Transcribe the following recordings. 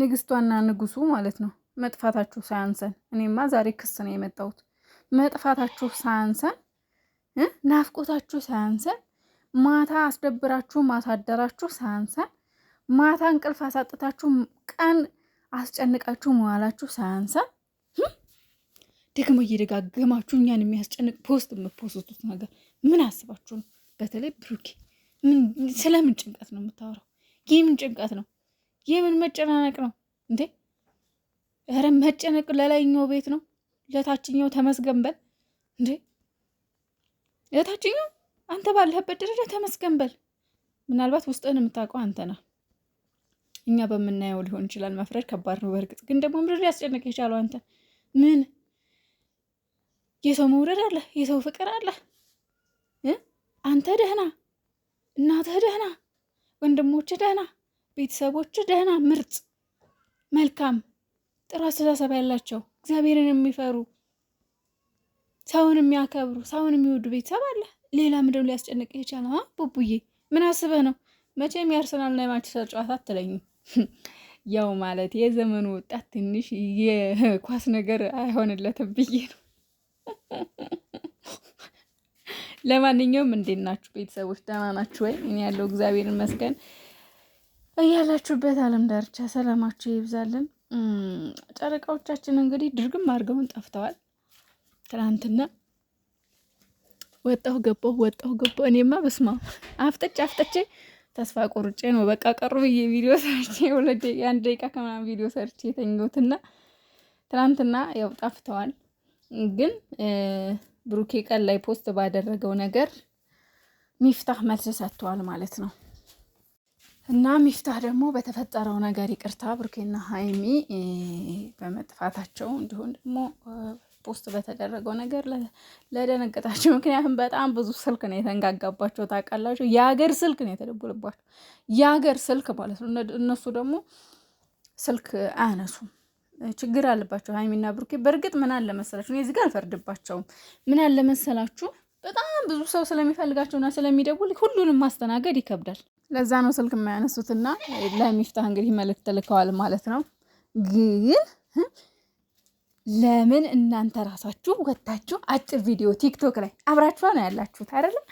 ንግስቷና ንጉሱ ማለት ነው። መጥፋታችሁ ሳያንሰን እኔማ ዛሬ ክስ ነው የመጣሁት። መጥፋታችሁ ሳያንሰን ናፍቆታችሁ ሳያንሰን ማታ አስደብራችሁ ማሳደራችሁ ሳያንሰን ማታ እንቅልፍ አሳጥታችሁ ቀን አስጨንቃችሁ መዋላችሁ ሳያንሰን ደግሞ እየደጋገማችሁ እኛን የሚያስጨንቅ ፖስት የምትፖስቱት ነገር ምን አስባችሁ ነው? በተለይ ብሩኬ ስለምን ጭንቀት ነው የምታወራው? ይህ ምን ጭንቀት ነው? ይህ ምን መጨናነቅ ነው እንዴ? ኧረ መጨነቅ ለላይኛው ቤት ነው ለታችኛው ተመስገንበል እንዴ። ለታችኛው አንተ ባለህበት ደረጃ ተመስገንበል ምናልባት ውስጥህን የምታውቀው አንተ ነህ። እኛ በምናየው ሊሆን ይችላል። መፍረድ ከባድ ነው። በእርግጥ ግን ደግሞ ምድር ሊያስጨንቅ የቻለው አንተ ምን የሰው መውደድ አለ፣ የሰው ፍቅር አለ። አንተ ደህና፣ እናትህ ደህና፣ ወንድሞች ደህና ቤተሰቦች ደህና ምርጥ መልካም ጥሩ አስተሳሰብ ያላቸው እግዚአብሔርን የሚፈሩ ሰውን የሚያከብሩ ሰውን የሚወዱ ቤተሰብ አለ። ሌላ ምንድነው ሊያስጨንቅ የቻለ ቡቡዬ ምን አስበህ ነው? መቼም የአርሰናልና የማንቸስተር ጨዋታ አትለኝም። ያው ማለት የዘመኑ ወጣት ትንሽ የኳስ ነገር አይሆንለትም ብዬ ነው። ለማንኛውም እንዴት ናችሁ ቤተሰቦች? ደህና ናችሁ ወይ? እኔ ያለው እግዚአብሔር ይመስገን። እያላችሁበት ዓለም ዳርቻ ሰላማችሁ ይብዛልን። ጨረቃዎቻችን እንግዲህ ድርግም አድርገውን ጠፍተዋል። ትናንትና ወጣሁ ገባሁ ወጣሁ ገባሁ። እኔማ በስማ አፍጠጭ አፍጠቼ ተስፋ ቆርጬ ነው በቃ ቀሩ ብዬ ቪዲዮ ሰርቼ ሁለት የአንድ ደቂቃ ከምናምን ቪዲዮ ሰርቼ የተኛሁትና ትናንትና ያው ጠፍተዋል። ግን ብሩኬ ቀን ላይ ፖስት ባደረገው ነገር ሚፍታህ መልስ ሰጥተዋል ማለት ነው። እና ሚፍታህ ደግሞ በተፈጠረው ነገር ይቅርታ ብሩኬና ሀይሚ በመጥፋታቸው እንዲሁም ደግሞ ፖስት በተደረገው ነገር ለደነገጣቸው፣ ምክንያቱም በጣም ብዙ ስልክ ነው የተንጋጋባቸው። ታውቃላቸው፣ የሀገር ስልክ ነው የተደወለባቸው፣ የሀገር ስልክ ማለት ነው። እነሱ ደግሞ ስልክ አያነሱም፣ ችግር አለባቸው ሀይሚና ብሩኬ። በእርግጥ ምን አለ መሰላችሁ፣ እኔ እዚህ ጋር አልፈርድባቸውም። ምን አለ መሰላችሁ፣ በጣም ብዙ ሰው ስለሚፈልጋቸውና ስለሚደውል ሁሉንም ማስተናገድ ይከብዳል። ለዛ ነው ስልክ የማያነሱትና ለሚፍታህ እንግዲህ መልእክት ልከዋል ማለት ነው። ግን ለምን እናንተ ራሳችሁ ወታችሁ አጭር ቪዲዮ ቲክቶክ ላይ አብራችሁ ነው ያላችሁት አይደለም?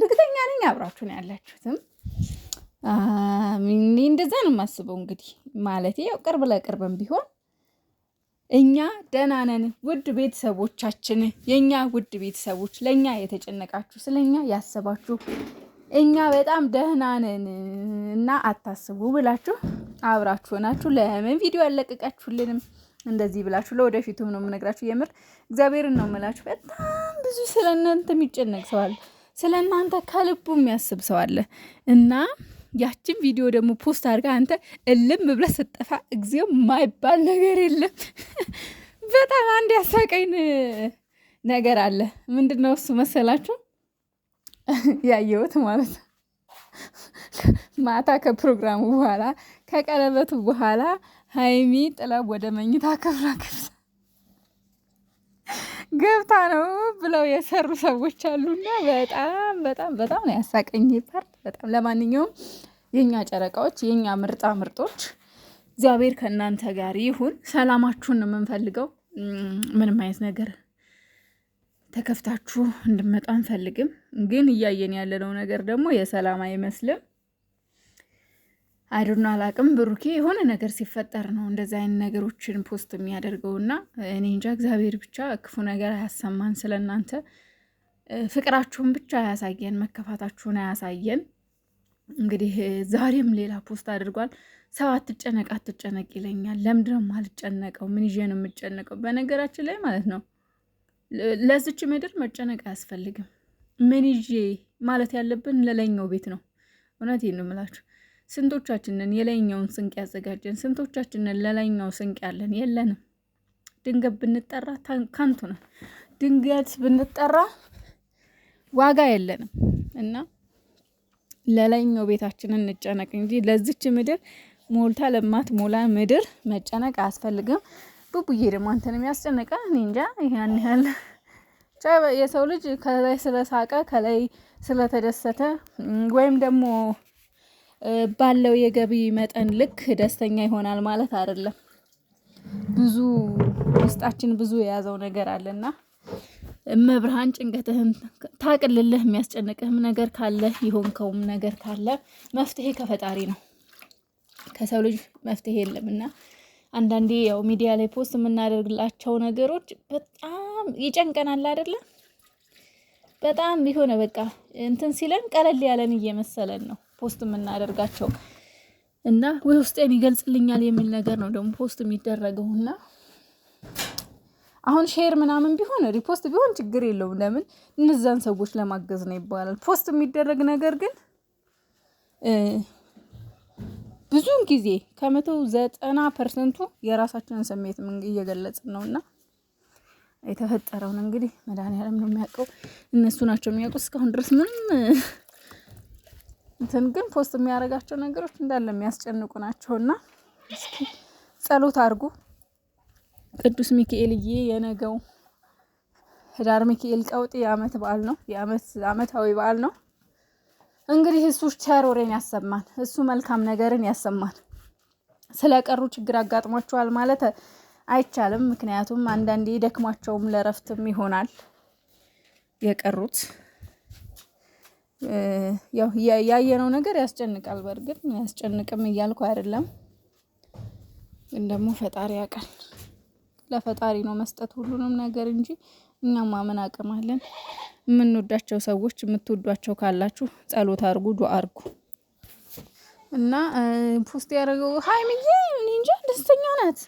እርግጠኛ ነኝ አብራችሁ ነው ያላችሁትም። እንደዛ ነው የማስበው እንግዲህ ማለት ያው ቅርብ ለቅርብም ቢሆን እኛ ደህና ነን። ውድ ቤተሰቦቻችን፣ የእኛ ውድ ቤተሰቦች፣ ለእኛ የተጨነቃችሁ ስለኛ ያሰባችሁ እኛ በጣም ደህና ነን እና አታስቡ ብላችሁ አብራችሁ ሆናችሁ ለምን ቪዲዮ አለቀቃችሁልንም? እንደዚህ ብላችሁ ለወደፊቱም ነው የምነግራችሁ። የምር እግዚአብሔርን ነው የምላችሁ። በጣም ብዙ ስለ እናንተ የሚጨነቅ ሰው አለ፣ ስለ እናንተ ከልቡ የሚያስብ ሰው አለ እና ያችን ቪዲዮ ደግሞ ፖስት አድርጋ አንተ እልም ብለህ ስጠፋ እግዚኦ የማይባል ነገር የለም። በጣም አንድ ያሳቀኝ ነገር አለ። ምንድን ነው እሱ መሰላችሁ? ያየሁት ማለት ነው። ማታ ከፕሮግራሙ በኋላ ከቀለበቱ በኋላ ሀይሚ ጥለብ ወደ መኝታ ክፍሏ ገብታ ገብታ ነው ብለው የሰሩ ሰዎች አሉና በጣም በጣም በጣም ነው ያሳቀኝ ፓርት በጣም ለማንኛውም የእኛ ጨረቃዎች የእኛ ምርጣ ምርጦች እግዚአብሔር ከእናንተ ጋር ይሁን። ሰላማችሁን ነው የምንፈልገው ምንም አይነት ነገር ተከፍታችሁ እንድመጣ አንፈልግም። ግን እያየን ያለነው ነገር ደግሞ የሰላም አይመስልም። አይዶና አላቅም ብሩኬ የሆነ ነገር ሲፈጠር ነው እንደዚህ አይነት ነገሮችን ፖስት የሚያደርገው እና እኔ እንጃ። እግዚአብሔር ብቻ ክፉ ነገር አያሰማን ስለ እናንተ ፍቅራችሁን ብቻ አያሳየን፣ መከፋታችሁን አያሳየን። እንግዲህ ዛሬም ሌላ ፖስት አድርጓል። ሰው አትጨነቅ አትጨነቅ ይለኛል። ለምንድነው የማልጨነቀው? ምን ይዤ ነው የምጨነቀው? በነገራችን ላይ ማለት ነው ለዚች ምድር መጨነቅ አያስፈልግም። ምን ይዤ ማለት ያለብን ለላይኛው ቤት ነው። እውነት ነው የምላችሁ። ስንቶቻችንን የላይኛውን ስንቅ ያዘጋጀን፣ ስንቶቻችንን ለላይኛው ስንቅ ያለን የለንም። ድንገት ብንጠራ ከንቱ ነን። ድንገት ብንጠራ ዋጋ የለንም እና ለላይኛው ቤታችንን እንጨነቅ እንጂ ለዚች ምድር ሞልታ ለማት ሞላ ምድር መጨነቅ አያስፈልግም። ቡቡዬ ደግሞ አንተን የሚያስጨንቀ እንጃ ያን ያህል የሰው ልጅ ከላይ ስለሳቀ ከላይ ስለተደሰተ ወይም ደግሞ ባለው የገቢ መጠን ልክ ደስተኛ ይሆናል ማለት አይደለም። ብዙ ውስጣችን ብዙ የያዘው ነገር አለና መብርሃን ጭንቀትህን ታቅልልህ። የሚያስጨንቅህም ነገር ካለ የሆንከውም ነገር ካለ መፍትሄ ከፈጣሪ ነው፣ ከሰው ልጅ መፍትሄ የለምና አንዳንዴ ያው ሚዲያ ላይ ፖስት የምናደርግላቸው ነገሮች በጣም ይጨንቀናል አይደለ? በጣም የሆነ በቃ እንትን ሲለን ቀለል ያለን እየመሰለን ነው ፖስት የምናደርጋቸው እና ወይ ውስጤን ይገልጽልኛል የሚል ነገር ነው ደግሞ ፖስት የሚደረገው እና አሁን ሼር ምናምን ቢሆን ሪፖስት ቢሆን ችግር የለውም። ለምን እነዛን ሰዎች ለማገዝ ነው ይባላል። ፖስት የሚደረግ ነገር ግን ብዙውን ጊዜ ከመቶ ዘጠና ፐርሰንቱ የራሳችንን ስሜት እየገለጽን ነው እና የተፈጠረውን እንግዲህ መድኃኒዓለም ነው የሚያውቀው፣ እነሱ ናቸው የሚያውቁት። እስካሁን ድረስ ምንም እንትን ግን ፖስት የሚያደርጋቸው ነገሮች እንዳለ የሚያስጨንቁ እና እስኪ ጸሎት አድርጉ። ቅዱስ ሚካኤልዬ የነገው ህዳር ሚካኤል ቀውጥ የአመት በዓል ነው፣ የአመት አመታዊ በዓል ነው። እንግዲህ እሱ ቸር ወሬን ያሰማን፣ እሱ መልካም ነገርን ያሰማን። ስለቀሩ ችግር አጋጥሟቸዋል ማለት አይቻልም። ምክንያቱም አንዳንዴ ደክሟቸውም ለረፍትም ይሆናል የቀሩት። ያው ያየነው ነገር ያስጨንቃል። በእርግጥ ያስጨንቅም እያልኩ አይደለም፣ ግን ደግሞ ፈጣሪ ያውቃል። ለፈጣሪ ነው መስጠት ሁሉንም ነገር እንጂ እኛም ማመን አቅም አለን። የምንወዳቸው ሰዎች የምትወዷቸው ካላችሁ ጸሎት አርጉ፣ ዱ አርጉ እና ፖስት ያደረገው ሀይሚዬ እኔ እንጃ ደስተኛ ናት።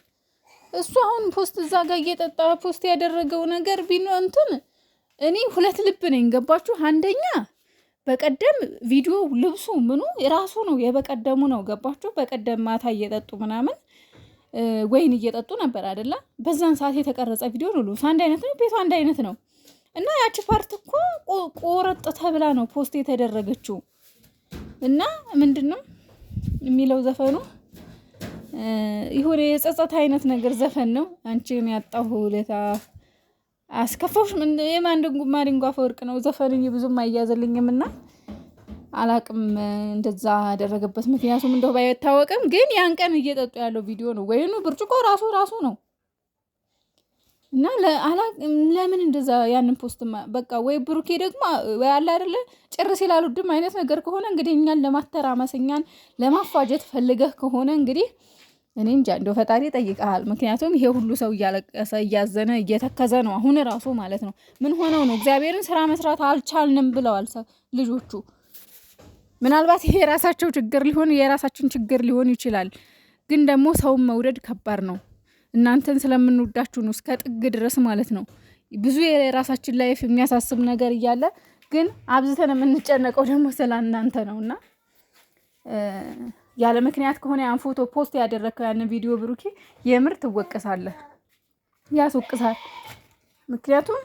እሱ አሁን ፖስት እዛ ጋር እየጠጣ ፖስት ያደረገው ነገር ቢኖ እንትን እኔ ሁለት ልብ ነኝ። ገባችሁ? አንደኛ በቀደም ቪዲዮ ልብሱ ምኑ የራሱ ነው የበቀደሙ ነው። ገባችሁ? በቀደም ማታ እየጠጡ ምናምን ወይን እየጠጡ ነበር አይደለ? በዛን ሰዓት የተቀረጸ ቪዲዮ ነው። ልብሱ አንድ አይነት ነው፣ ቤቱ አንድ አይነት ነው። እና ያቺ ፓርት እኮ ቆረጥ ተብላ ነው ፖስት የተደረገችው። እና ምንድን ነው የሚለው ዘፈኑ የሆነ የጸጸት አይነት ነገር ዘፈን ነው። አንቺ ያጣሁ ሁለታ አስከፋሽ ምን የማንድንጉ ማዲንጎ አፈወርቅ ነው ዘፈን ብዙም አያዘልኝም እና አላቅም እንደዛ ያደረገበት ምክንያቱም እንደው ባይታወቅም፣ ግን ያን ቀን እየጠጡ ያለው ቪዲዮ ነው ወይኑ ብርጭቆ ራሱ ራሱ ነው እና ለምን እንደዛ ያንን ፖስት በቃ ወይ ብሩኬ ደግሞ ወይ አለ አይደለ ጭርስ ይላሉ ድም አይነት ነገር ከሆነ እንግዲህ እኛን ለማተራመስ እኛን ለማፋጀት ፈልገህ ከሆነ እንግዲህ እኔ እንጃ እንደው ፈጣሪ ጠይቀሃል። ምክንያቱም ይሄ ሁሉ ሰው እያለቀሰ እያዘነ እየተከዘ ነው አሁን ራሱ ማለት ነው። ምን ሆነው ነው እግዚአብሔርን ስራ መስራት አልቻልንም ብለዋል ልጆቹ። ምናልባት ይሄ የራሳቸው ችግር ሊሆን የራሳችን ችግር ሊሆን ይችላል፣ ግን ደግሞ ሰውን መውደድ ከባድ ነው። እናንተን ስለምንወዳችሁ ነው እስከ ጥግ ድረስ ማለት ነው። ብዙ የራሳችን ላይፍ የሚያሳስብ ነገር እያለ ግን አብዝተን የምንጨነቀው ደግሞ ስለ እናንተ ነው እና ያለ ምክንያት ከሆነ ያን ፎቶ ፖስት ያደረግከው ያን ቪዲዮ ብሩኬ የምር ትወቀሳለህ፣ ያስወቅሳል። ምክንያቱም